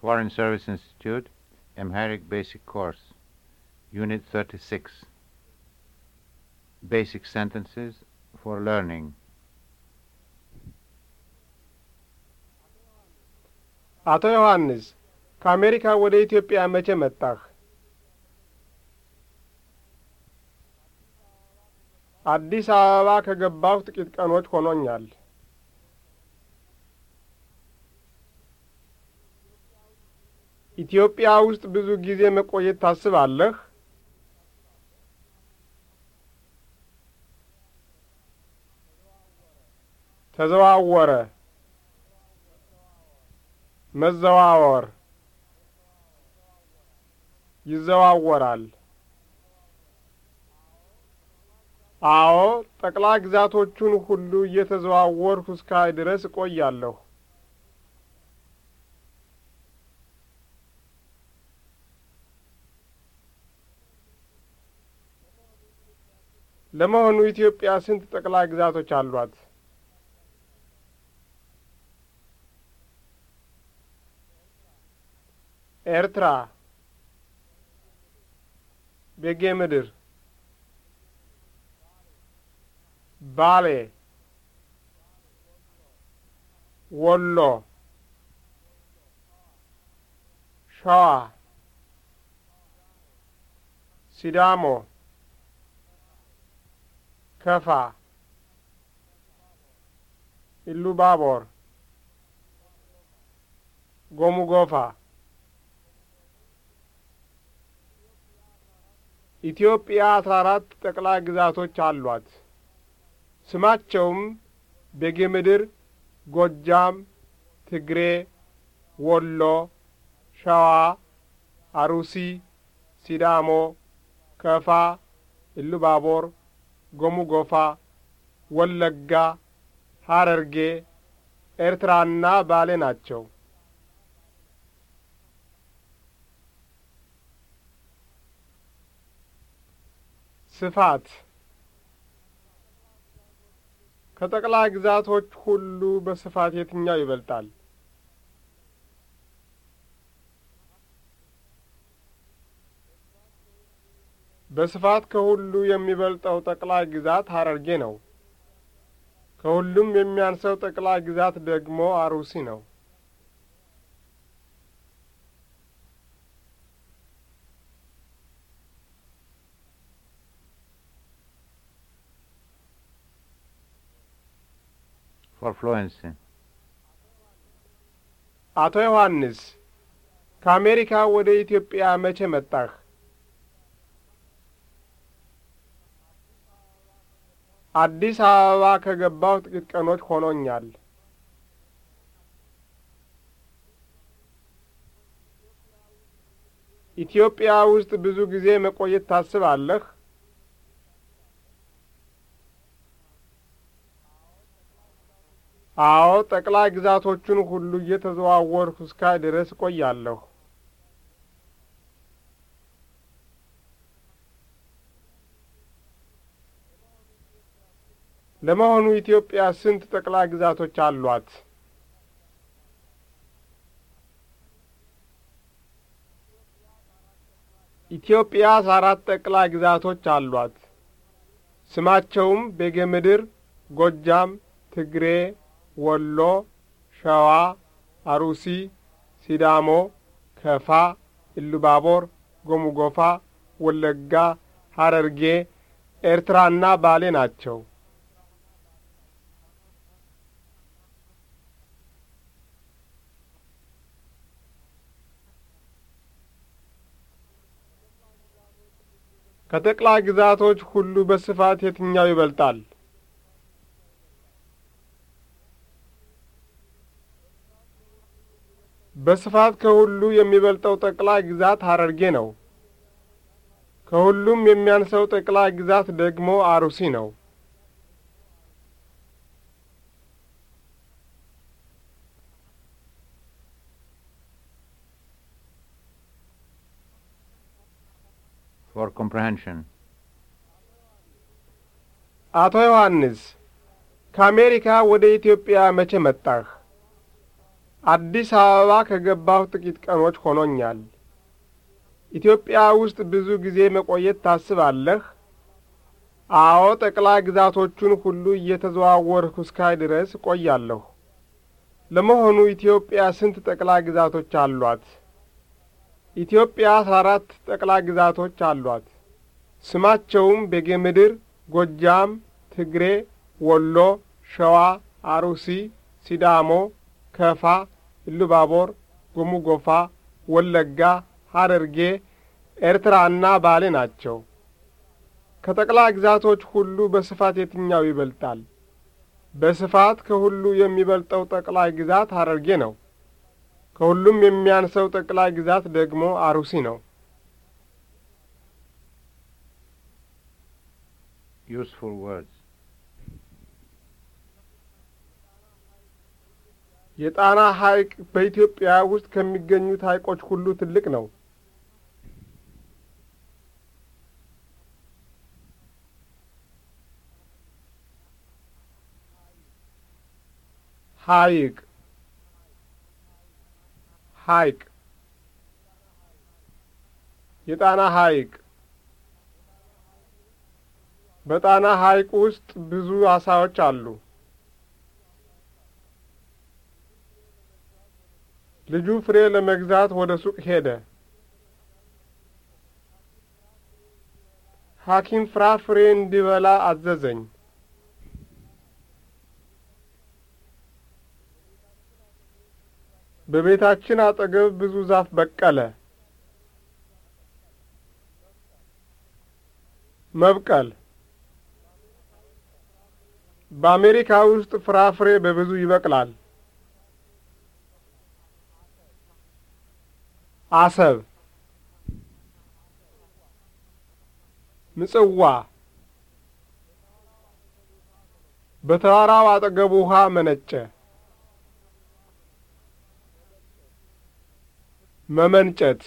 Foreign Service Institute, Amharic Basic Course, Unit 36. Basic Sentences for Learning. አቶ ዮሐንስ ከአሜሪካ ወደ ኢትዮጵያ መቼ መጣህ? አዲስ አበባ ከገባሁ ጥቂት ቀኖች ሆኖኛል። ኢትዮጵያ ውስጥ ብዙ ጊዜ መቆየት ታስባለህ? ተዘዋወረ፣ መዘዋወር፣ ይዘዋወራል። አዎ፣ ጠቅላይ ግዛቶቹን ሁሉ እየተዘዋወርሁ እስካይ ድረስ እቆያለሁ። ለመሆኑ ኢትዮጵያ ስንት ጠቅላይ ግዛቶች አሏት? ኤርትራ፣ ቤጌ ምድር፣ ባሌ፣ ወሎ፣ ሸዋ፣ ሲዳሞ ከፋ፣ ኢሉባቦር፣ ጎፋ ኢትዮጵያ አስራ አራት ጠቅላይ ግዛቶች አሏት። ስማቸውም ቤጌ ምድር፣ ጎጃም ትግሬ፣ ወሎ፣ ሸዋ፣ አሩሲ፣ ሲዳሞ፣ ከፋ፣ ኢሉባቦር ጎፋ፣ ወለጋ፣ ሐረርጌ፣ ኤርትራና ባሌ ናቸው። ስፋት ከጠቅላይ ግዛቶች ሁሉ በስፋት የትኛው ይበልጣል? በስፋት ከሁሉ የሚበልጠው ጠቅላይ ግዛት ሀረርጌ ነው። ከሁሉም የሚያንሰው ጠቅላይ ግዛት ደግሞ አሩሲ ነው። አቶ ዮሐንስ ከአሜሪካ ወደ ኢትዮጵያ መቼ መጣህ? አዲስ አበባ ከገባሁ ጥቂት ቀኖች ሆኖኛል። ኢትዮጵያ ውስጥ ብዙ ጊዜ መቆየት ታስባለህ? አዎ፣ ጠቅላይ ግዛቶቹን ሁሉ እየተዘዋወርሁ እስካ ድረስ እቆያለሁ። ለመሆኑ ኢትዮጵያ ስንት ጠቅላይ ግዛቶች አሏት? ኢትዮጵያ አራት ጠቅላይ ግዛቶች አሏት። ስማቸውም ቤጌ ምድር፣ ጎጃም፣ ትግሬ፣ ወሎ፣ ሸዋ፣ አሩሲ፣ ሲዳሞ፣ ከፋ፣ ኢሉባቦር፣ ጎሙጎፋ፣ ወለጋ፣ ሀረርጌ፣ ኤርትራና ባሌ ናቸው። ከጠቅላይ ግዛቶች ሁሉ በስፋት የትኛው ይበልጣል? በስፋት ከሁሉ የሚበልጠው ጠቅላይ ግዛት ሐረርጌ ነው። ከሁሉም የሚያንሰው ጠቅላይ ግዛት ደግሞ አሩሲ ነው። for comprehension. አቶ ዮሐንስ ከአሜሪካ ወደ ኢትዮጵያ መቼ መጣህ? አዲስ አበባ ከገባሁ ጥቂት ቀኖች ሆኖኛል። ኢትዮጵያ ውስጥ ብዙ ጊዜ መቆየት ታስባለህ? አዎ፣ ጠቅላይ ግዛቶቹን ሁሉ እየተዘዋወርሁ እስካይ ድረስ እቆያለሁ። ለመሆኑ ኢትዮጵያ ስንት ጠቅላይ ግዛቶች አሏት? ኢትዮጵያ አስራ አራት ጠቅላ ግዛቶች አሏት። ስማቸውም ቤጌ ምድር፣ ጎጃም፣ ትግሬ፣ ወሎ፣ ሸዋ፣ አሩሲ፣ ሲዳሞ፣ ከፋ፣ ኢሉባቦር፣ ጎሙጎፋ፣ ወለጋ፣ ሐረርጌ፣ ኤርትራና ባሌ ናቸው። ከጠቅላ ግዛቶች ሁሉ በስፋት የትኛው ይበልጣል? በስፋት ከሁሉ የሚበልጠው ጠቅላይ ግዛት ሐረርጌ ነው። ከሁሉም የሚያንሰው ጠቅላይ ግዛት ደግሞ አሩሲ ነው። useful የጣና ሐይቅ በኢትዮጵያ ውስጥ ከሚገኙት ሐይቆች ሁሉ ትልቅ ነው። ሐይቅ ሐይቅ የጣና ሐይቅ በጣና ሐይቅ ውስጥ ብዙ አሳዎች አሉ። ልጁ ፍሬ ለመግዛት ወደ ሱቅ ሄደ። ሐኪም ፍራፍሬ እንዲበላ አዘዘኝ። በቤታችን አጠገብ ብዙ ዛፍ በቀለ። መብቀል በአሜሪካ ውስጥ ፍራፍሬ በብዙ ይበቅላል። አሰብ ምጽዋ በተራራው አጠገብ ውሃ መነጨ። መመንጨት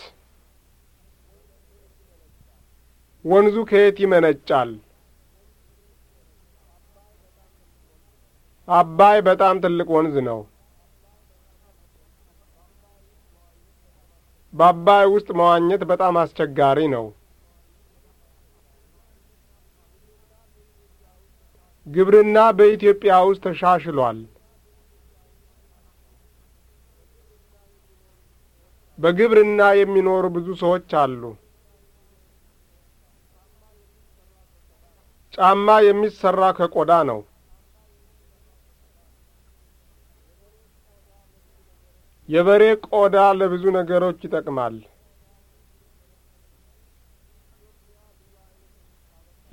ወንዙ ከየት ይመነጫል? አባይ በጣም ትልቅ ወንዝ ነው። በአባይ ውስጥ መዋኘት በጣም አስቸጋሪ ነው። ግብርና በኢትዮጵያ ውስጥ ተሻሽሏል። በግብርና የሚኖሩ ብዙ ሰዎች አሉ። ጫማ የሚሰራ ከቆዳ ነው። የበሬ ቆዳ ለብዙ ነገሮች ይጠቅማል።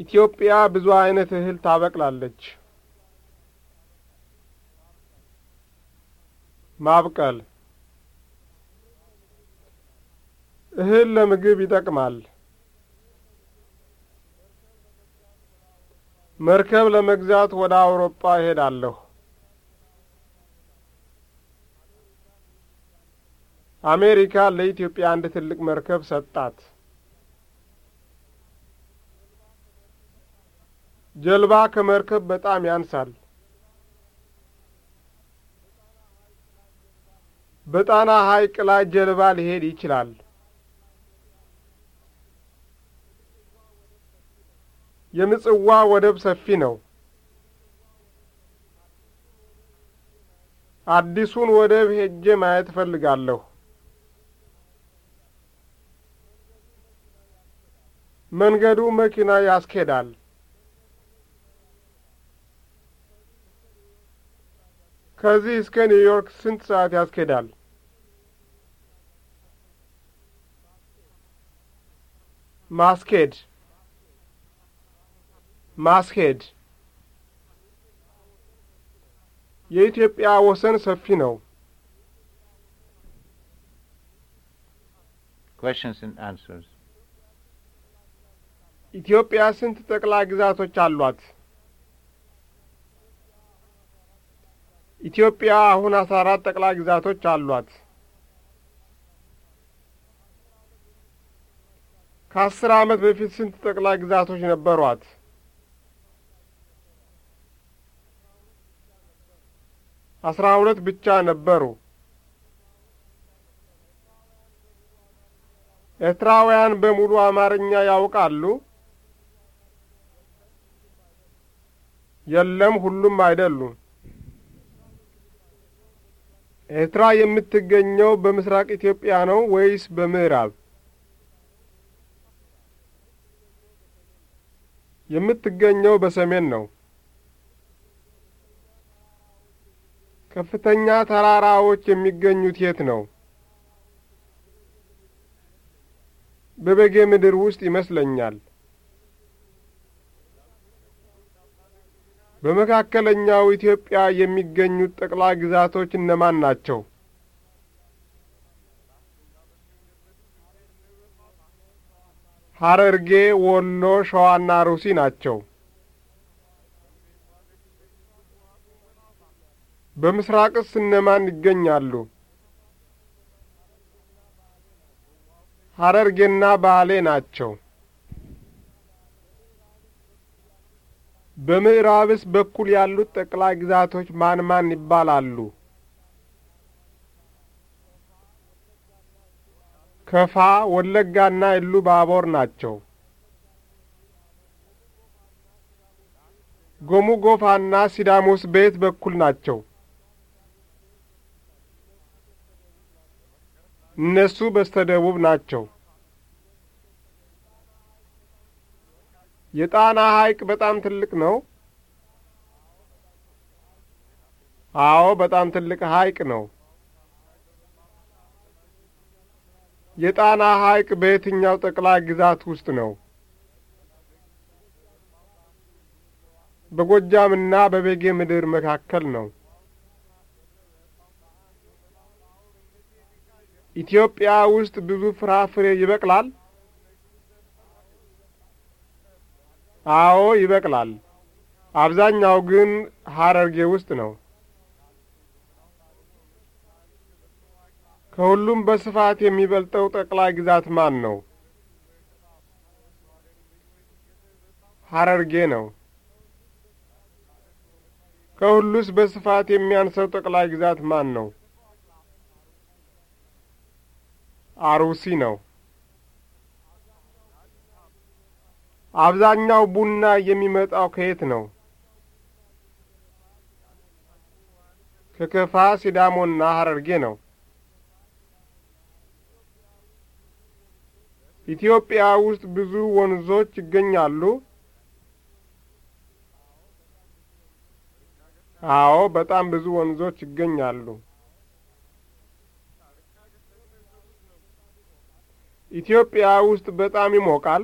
ኢትዮጵያ ብዙ አይነት እህል ታበቅላለች። ማብቀል እህል ለምግብ ይጠቅማል። መርከብ ለመግዛት ወደ አውሮፓ እሄዳለሁ። አሜሪካ ለኢትዮጵያ አንድ ትልቅ መርከብ ሰጣት። ጀልባ ከመርከብ በጣም ያንሳል። በጣና ሐይቅ ላይ ጀልባ ሊሄድ ይችላል። የምጽዋ ወደብ ሰፊ ነው። አዲሱን ወደብ ሄጄ ማየት እፈልጋለሁ። መንገዱ መኪና ያስኬዳል። ከዚህ እስከ ኒውዮርክ ስንት ሰዓት ያስኬዳል? ማስኬድ ማስሄድ የኢትዮጵያ ወሰን ሰፊ ነው። ኢትዮጵያ ስንት ጠቅላይ ግዛቶች አሏት? ኢትዮጵያ አሁን አስራ አራት ጠቅላይ ግዛቶች አሏት። ከአስር ዓመት በፊት ስንት ጠቅላይ ግዛቶች ነበሯት? አስራ ሁለት ብቻ ነበሩ። ኤርትራውያን በሙሉ አማርኛ ያውቃሉ? የለም፣ ሁሉም አይደሉም። ኤርትራ የምትገኘው በምስራቅ ኢትዮጵያ ነው ወይስ በምዕራብ? የምትገኘው በሰሜን ነው። ከፍተኛ ተራራዎች የሚገኙት የት ነው? በበጌ ምድር ውስጥ ይመስለኛል። በመካከለኛው ኢትዮጵያ የሚገኙት ጠቅላይ ግዛቶች እነማን ናቸው? ሐረርጌ፣ ወሎ፣ ሸዋና ሩሲ ናቸው። በምስራቅስ እነማን ይገኛሉ? ሐረርጌና ባሌ ናቸው። በምዕራብስ በኩል ያሉት ጠቅላይ ግዛቶች ማን ማን ይባላሉ? ከፋ፣ ወለጋና ባቦር ናቸው። ጎሙ ጎፋና ሲዳሞስ በየት በኩል ናቸው? እነሱ ደቡብ ናቸው። የጣና ሐይቅ በጣም ትልቅ ነው። አዎ፣ በጣም ትልቅ ሐይቅ ነው። የጣና ሐይቅ በየትኛው ጠቅላይ ግዛት ውስጥ ነው? በጎጃምና በቤጌ ምድር መካከል ነው። ኢትዮጵያ ውስጥ ብዙ ፍራፍሬ ይበቅላል? አዎ ይበቅላል። አብዛኛው ግን ሐረርጌ ውስጥ ነው። ከሁሉም በስፋት የሚበልጠው ጠቅላይ ግዛት ማን ነው? ሐረርጌ ነው። ከሁሉስ በስፋት የሚያንሰው ጠቅላይ ግዛት ማን ነው? አሩሲ ነው። አብዛኛው ቡና የሚመጣው ከየት ነው? ከከፋ፣ ሲዳሞና ሐረርጌ ነው። ኢትዮጵያ ውስጥ ብዙ ወንዞች ይገኛሉ? አዎ፣ በጣም ብዙ ወንዞች ይገኛሉ። ኢትዮጵያ ውስጥ በጣም ይሞቃል።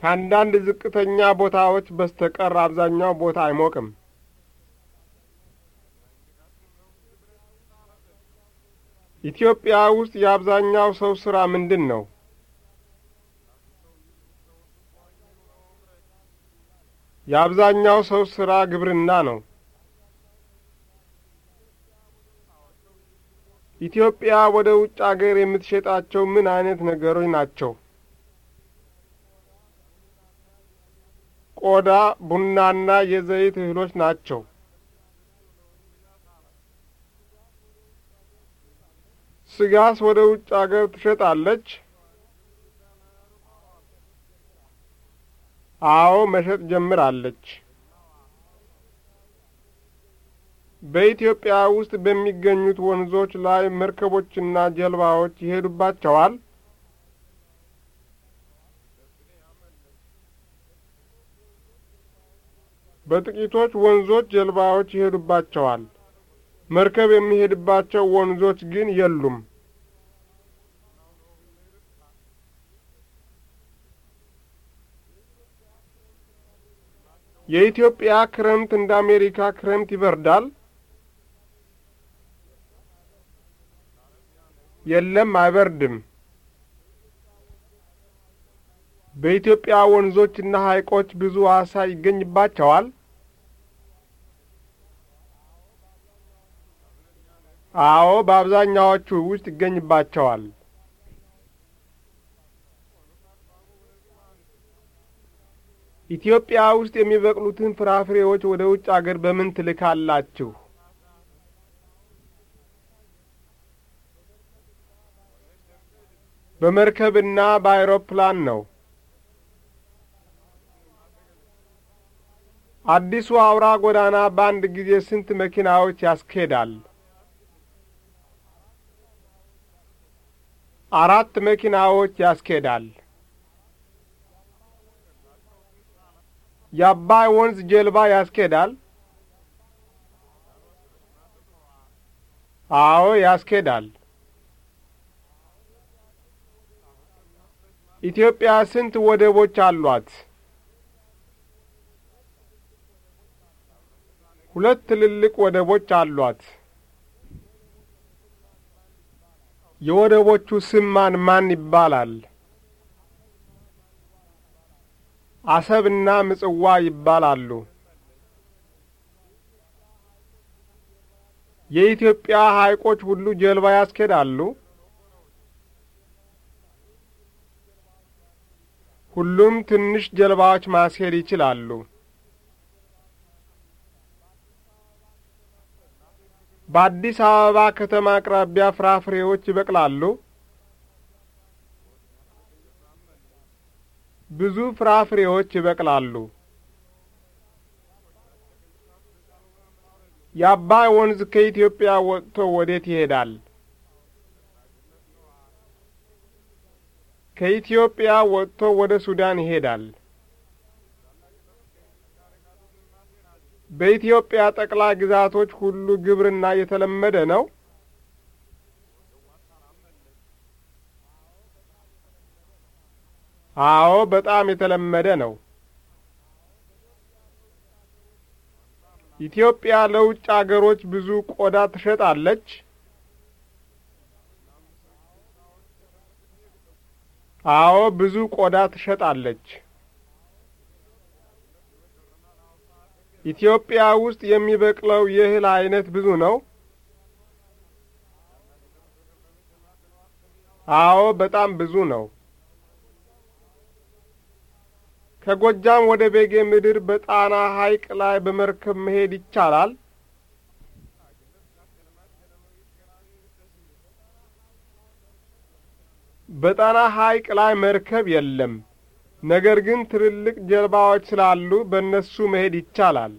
ከአንዳንድ ዝቅተኛ ቦታዎች በስተቀር አብዛኛው ቦታ አይሞቅም። ኢትዮጵያ ውስጥ የአብዛኛው ሰው ሥራ ምንድን ነው? የአብዛኛው ሰው ሥራ ግብርና ነው። ኢትዮጵያ ወደ ውጭ አገር የምትሸጣቸው ምን አይነት ነገሮች ናቸው? ቆዳ፣ ቡናና የዘይት እህሎች ናቸው። ስጋስ ወደ ውጭ አገር ትሸጣለች? አዎ፣ መሸጥ ጀምራለች። በኢትዮጵያ ውስጥ በሚገኙት ወንዞች ላይ መርከቦችና ጀልባዎች ይሄዱባቸዋል? በጥቂቶች ወንዞች ጀልባዎች ይሄዱባቸዋል። መርከብ የሚሄድባቸው ወንዞች ግን የሉም። የኢትዮጵያ ክረምት እንደ አሜሪካ ክረምት ይበርዳል? የለም አይበርድም። በኢትዮጵያ ወንዞችና ሐይቆች ብዙ አሳ ይገኝባቸዋል? አዎ፣ በአብዛኛዎቹ ውስጥ ይገኝባቸዋል። ኢትዮጵያ ውስጥ የሚበቅሉትን ፍራፍሬዎች ወደ ውጭ አገር በምን ትልካላችሁ? በመርከብና በአይሮፕላን ነው። አዲሱ አውራ ጎዳና በአንድ ጊዜ ስንት መኪናዎች ያስኬዳል? አራት መኪናዎች ያስኬዳል። የአባይ ወንዝ ጀልባ ያስኬዳል? አዎ ያስኬዳል። ኢትዮጵያ ስንት ወደቦች አሏት? ሁለት ትልልቅ ወደቦች አሏት። የወደቦቹ ስም ማን ማን ይባላል? አሰብና ምጽዋ ይባላሉ። የኢትዮጵያ ሐይቆች ሁሉ ጀልባ ያስኬዳሉ? ሁሉም ትንሽ ጀልባዎች ማስሄድ ይችላሉ። በአዲስ አበባ ከተማ አቅራቢያ ፍራፍሬዎች ይበቅላሉ። ብዙ ፍራፍሬዎች ይበቅላሉ። የአባይ ወንዝ ከኢትዮጵያ ወጥቶ ወዴት ይሄዳል? ከኢትዮጵያ ወጥቶ ወደ ሱዳን ይሄዳል። በኢትዮጵያ ጠቅላይ ግዛቶች ሁሉ ግብርና የተለመደ ነው? አዎ፣ በጣም የተለመደ ነው። ኢትዮጵያ ለውጭ አገሮች ብዙ ቆዳ ትሸጣለች? አዎ ብዙ ቆዳ ትሸጣለች። ኢትዮጵያ ውስጥ የሚበቅለው የእህል አይነት ብዙ ነው? አዎ በጣም ብዙ ነው። ከጎጃም ወደ ቤጌ ምድር በጣና ሐይቅ ላይ በመርከብ መሄድ ይቻላል? በጣና ሐይቅ ላይ መርከብ የለም። ነገር ግን ትልልቅ ጀልባዎች ስላሉ በእነሱ መሄድ ይቻላል።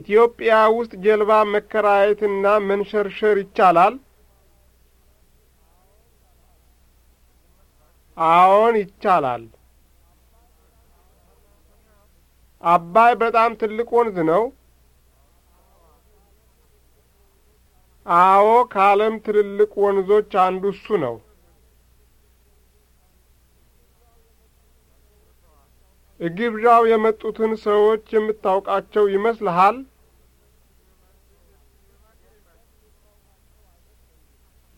ኢትዮጵያ ውስጥ ጀልባ መከራየትና መንሸርሸር ይቻላል? አዎን ይቻላል። አባይ በጣም ትልቅ ወንዝ ነው። አዎ፣ ከዓለም ትልልቅ ወንዞች አንዱ እሱ ነው። እግብዣው የመጡትን ሰዎች የምታውቃቸው ይመስልሃል?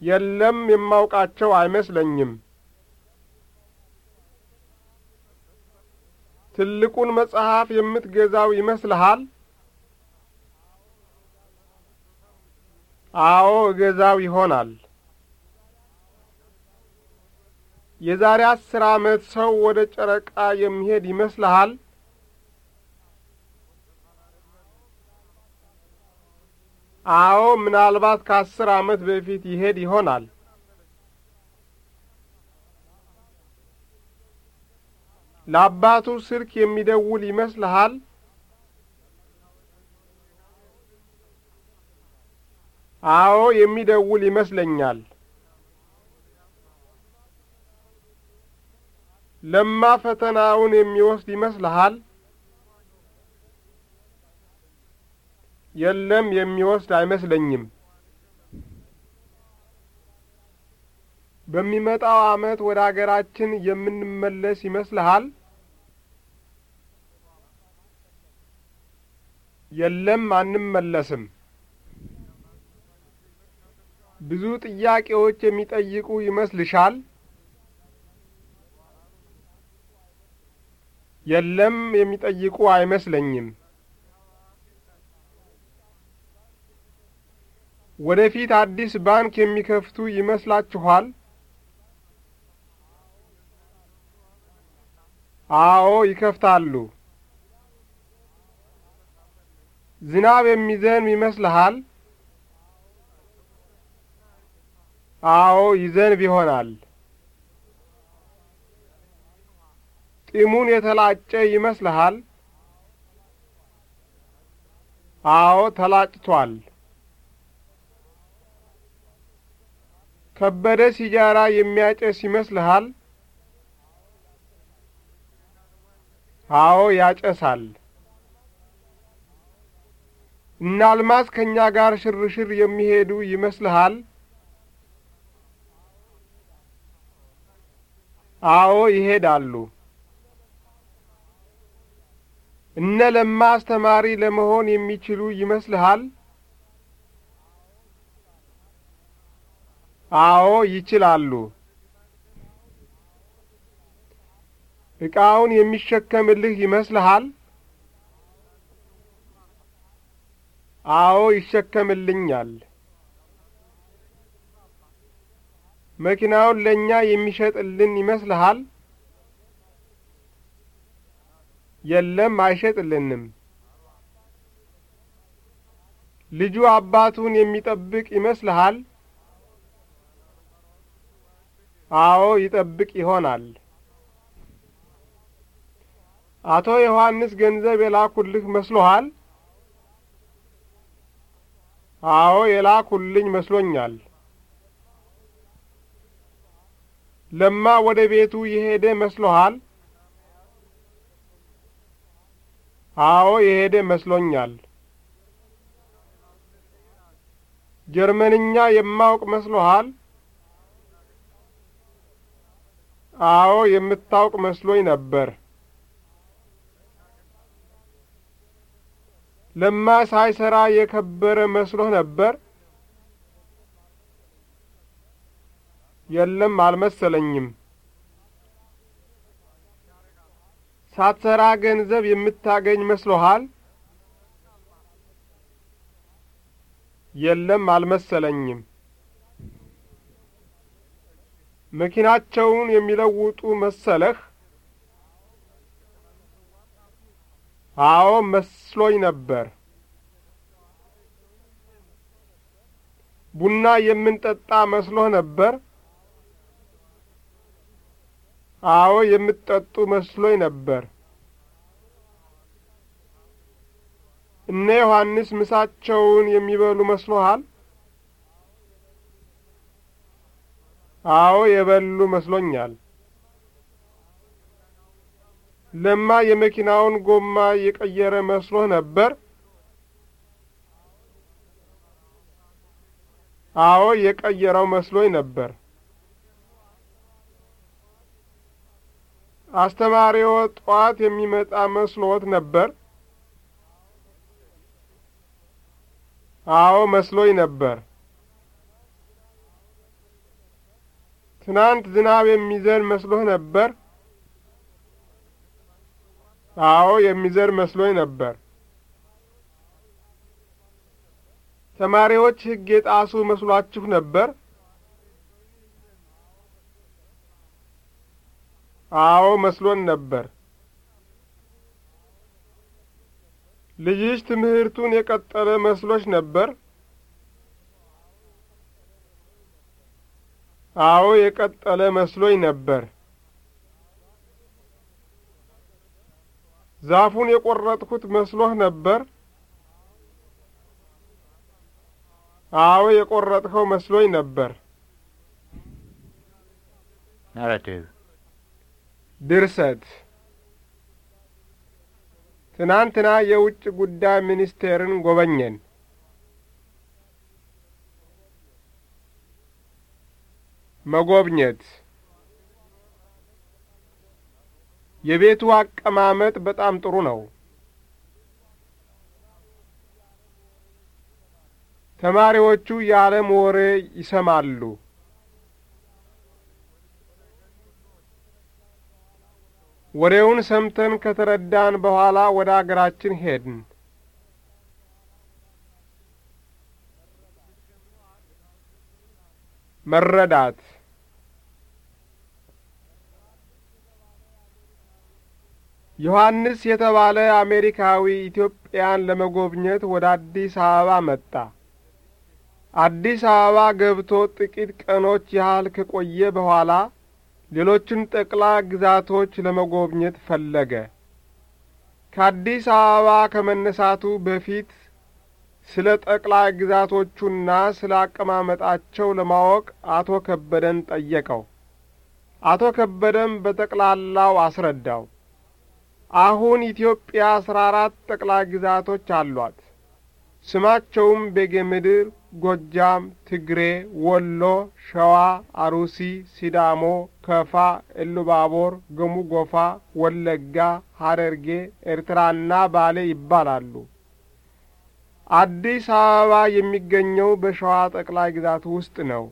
የለም፣ የማውቃቸው አይመስለኝም። ትልቁን መጽሐፍ የምትገዛው ይመስልሃል? አዎ እገዛው ይሆናል። የዛሬ አስር ዓመት ሰው ወደ ጨረቃ የሚሄድ ይመስልሃል? አዎ ምናልባት ከአስር ዓመት በፊት ይሄድ ይሆናል። ለአባቱ ስልክ የሚደውል ይመስልሃል? አዎ የሚደውል ይመስለኛል። ለማ ፈተናውን የሚወስድ ይመስልሃል? የለም የሚወስድ አይመስለኝም። በሚመጣው ዓመት ወደ አገራችን የምንመለስ ይመስልሃል? የለም አንመለስም። ብዙ ጥያቄዎች የሚጠይቁ ይመስልሻል? የለም የሚጠይቁ አይመስለኝም። ወደፊት አዲስ ባንክ የሚከፍቱ ይመስላችኋል? አዎ ይከፍታሉ። ዝናብ የሚዘንብ ይመስልሃል? አዎ ይዘንብ ይሆናል። ጢሙን የተላጨ ይመስልሃል? አዎ ተላጭቷል። ከበደ ሲጃራ የሚያጨስ ይመስልሃል? አዎ ያጨሳል። እና አልማዝ ከእኛ ጋር ሽርሽር የሚሄዱ ይመስልሃል? አዎ ይሄዳሉ። እነ ለማ አስተማሪ ለመሆን የሚችሉ ይመስልሃል? አዎ ይችላሉ። ዕቃውን የሚሸከምልህ ይመስልሃል? አዎ ይሸከምልኛል። መኪናውን ለእኛ የሚሸጥልን ይመስልሃል? የለም አይሸጥልንም። ልጁ አባቱን የሚጠብቅ ይመስልሃል? አዎ ይጠብቅ ይሆናል። አቶ ዮሐንስ ገንዘብ የላኩልህ መስሎሃል? አዎ የላኩልኝ መስሎኛል። ለማ ወደ ቤቱ የሄደ መስሎሃል? አዎ የሄደ መስሎኛል። ጀርመንኛ የማውቅ መስሎሃል? አዎ የምታውቅ መስሎኝ ነበር። ለማ ሳይሰራ የከበረ መስሎህ ነበር? የለም አልመሰለኝም። ሳትሰራ ገንዘብ የምታገኝ መስሎሃል? የለም አልመሰለኝም። መኪናቸውን የሚለውጡ መሰለህ? አዎ መስሎኝ ነበር። ቡና የምንጠጣ መስሎህ ነበር? አዎ የምትጠጡ መስሎኝ ነበር። እነ ዮሐንስ ምሳቸውን የሚበሉ መስሎሃል? አዎ የበሉ መስሎኛል። ለማ የመኪናውን ጎማ የቀየረ መስሎህ ነበር? አዎ የቀየረው መስሎኝ ነበር። አስተማሪዎ ጠዋት የሚመጣ መስሎት ነበር? አዎ መስሎኝ ነበር። ትናንት ዝናብ የሚዘን መስሎህ ነበር? አዎ የሚዘን መስሎኝ ነበር። ተማሪዎች ሕግ የጣሱ መስሏችሁ ነበር? አዎ መስሎን ነበር። ልጅሽ ትምህርቱን የቀጠለ መስሎች ነበር? አዎ የቀጠለ መስሎኝ ነበር። ዛፉን የቈረጥኩት መስሎህ ነበር? አዎ የቈረጥኸው መስሎኝ ነበር። ናራቲቭ ድርሰት ትናንትና የውጭ ጉዳይ ሚኒስቴርን ጐበኘን። መጐብኘት የቤቱ አቀማመጥ በጣም ጥሩ ነው። ተማሪዎቹ የዓለም ወሬ ይሰማሉ። ወሬውን ሰምተን ከተረዳን በኋላ ወደ አገራችን ሄድን። መረዳት ዮሐንስ የተባለ አሜሪካዊ ኢትዮጵያን ለመጎብኘት ወደ አዲስ አበባ መጣ። አዲስ አበባ ገብቶ ጥቂት ቀኖች ያህል ከቆየ በኋላ ሌሎችን ጠቅላ ግዛቶች ለመጐብኘት ፈለገ። ከአዲስ አበባ ከመነሳቱ በፊት ስለ ጠቅላ ግዛቶቹና ስለ አቀማመጣቸው ለማወቅ አቶ ከበደን ጠየቀው። አቶ ከበደም በጠቅላላው አስረዳው። አሁን ኢትዮጵያ አስራ አራት ጠቅላ ግዛቶች አሏት። ስማቸውም ቤጌ ምድር፣ ጎጃም፣ ትግሬ፣ ወሎ፣ ሸዋ፣ አሩሲ፣ ሲዳሞ፣ ከፋ፣ እሉባቦር፣ ገሙ ጎፋ፣ ወለጋ፣ ሐረርጌ፣ ኤርትራና ባሌ ይባላሉ። አዲስ አበባ የሚገኘው በሸዋ ጠቅላይ ግዛት ውስጥ ነው።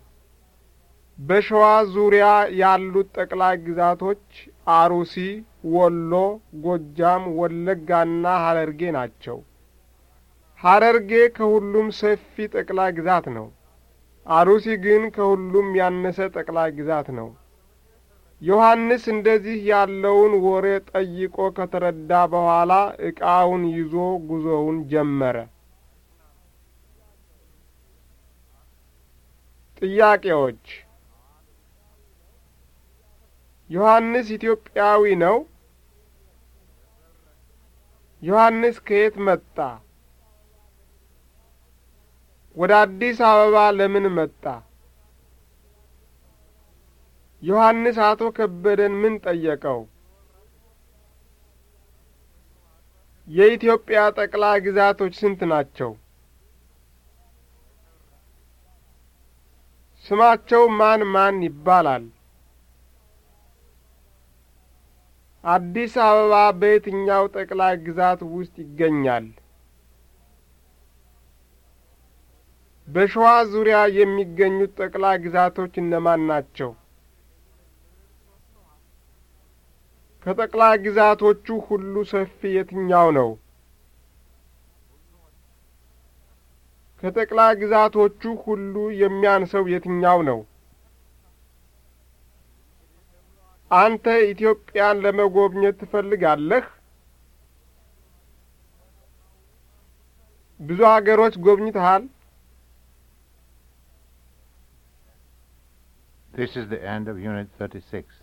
በሸዋ ዙሪያ ያሉት ጠቅላይ ግዛቶች አሩሲ፣ ወሎ፣ ጎጃም፣ ወለጋና ሐረርጌ ናቸው። ሐረርጌ ከሁሉም ሰፊ ጠቅላ ግዛት ነው። አሩሲ ግን ከሁሉም ያነሰ ጠቅላ ግዛት ነው። ዮሐንስ እንደዚህ ያለውን ወሬ ጠይቆ ከተረዳ በኋላ ዕቃውን ይዞ ጉዞውን ጀመረ። ጥያቄዎች ዮሐንስ ኢትዮጵያዊ ነው? ዮሐንስ ከየት መጣ? ወደ አዲስ አበባ ለምን መጣ? ዮሐንስ አቶ ከበደን ምን ጠየቀው? የኢትዮጵያ ጠቅላይ ግዛቶች ስንት ናቸው? ስማቸው ማን ማን ይባላል? አዲስ አበባ በየትኛው ጠቅላይ ግዛት ውስጥ ይገኛል? በሸዋ ዙሪያ የሚገኙት ጠቅላይ ግዛቶች እነማን ናቸው? ከጠቅላይ ግዛቶቹ ሁሉ ሰፊ የትኛው ነው? ከጠቅላይ ግዛቶቹ ሁሉ የሚያንሰው የትኛው ነው? አንተ ኢትዮጵያን ለመጎብኘት ትፈልጋለህ? ብዙ አገሮች ጎብኝተሃል? This is the end of Unit 36.